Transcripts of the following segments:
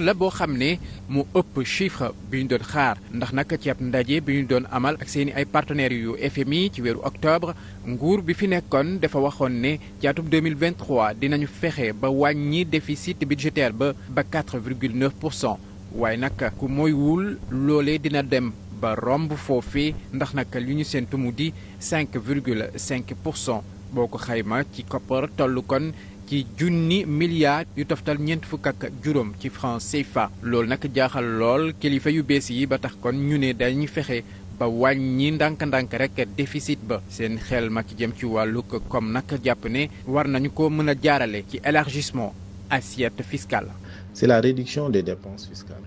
la boo xam ne mu ëpp chiffre bi ñu doon xaar ndax nag ci ab ndaje bi ñu doon amal ak seen ay partenaires yu FMI ci weeru octobre nguur bi fi nekkoon dafa waxoon ne ci atum 2023 dinañu fexe ba wàññi déficit budgétaire ba ba 4,9 pour cent waaye nag ku moywul loole dina dem ba romb foofee ndax nag li ñu séentu mu di 5,5 pour cent boo ko xayma ci koppar tollu kon ci junni milliards yu toftal ñeent fukk ak juróom ci france CFA loolu nag jaaxal lool kilifa yu bees yi ba tax kon ñu ne dañuy fexe ba wàññi ndànk-ndànk rek déficit ba seen xel ma ci jëm ci wàllu comme nag jàpp ne war nañu ko mën a jaarale ci élargissement assiette fiscale. C'est la réduction des dépenses fiscales.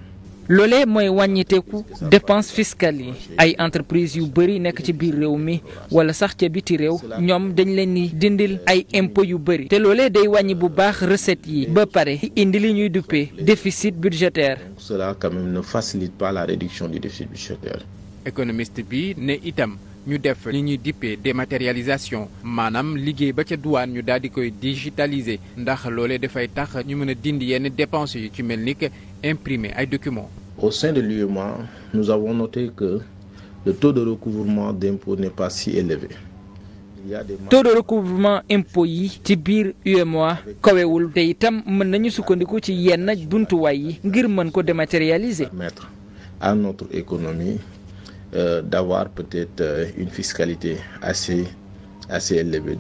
loole mooy wàññiteeku dépense fiscale yi ay entreprise yu bëri nekk ci biir réew mi wala sax ca biti réew ñoom dañu leen di dindil ay impôts yu bëri te loole day wàññi bu baax recettes yi ba pare indi li ñuy duppee déficit budgétaire. Cela quand même ne facilite pas la réduction du déficit budgétaire. économiste bi ne itam ñu def li ñuy dippee dématérialisation maanaam liggéey ba ca douane ñu daal di koy digitaliser ndax loolee dafay tax ñu mën a dindi yenn dépenses yu ci mel ni que imprimer ay documents. Au sein de l'UEMOA, nous avons noté que le taux de recouvrement d'impôts n'est pas si élevé. taux de recouvrement impôt yi ci biir UEMOA kawewul te itam mën nañu sukkandiku ci yenn buntuwaay yi ngir mën ko dématérialiser. à notre économie Euh, d'avoir peut-être euh, une fiscalité assez assez élevée.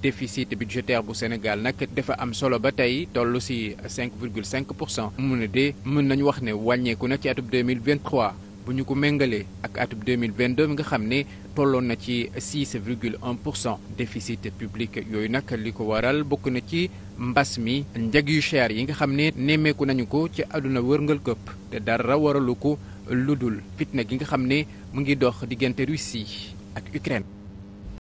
déficit budgétaire bu Sénégal nag dafa am solo ba tey toll ci 5,5 pour cent mu ne de mën nañu wax ne wàññeeku na ci atub 2023 bu ñu ko méngalee ak atub 2022 mi nga xam ne tolloon na ci 6 virgule 1 pour cent déficit public yooyu nag li ko waral bokk na ci mbas mi njag yu cher yi nga xam ne nemmeeku nañu ko ci àdduna wërngal këpp te dara waralu ko lu dul fitna gi nga xam ne mu ngi dox diggante Russie ak Ukraine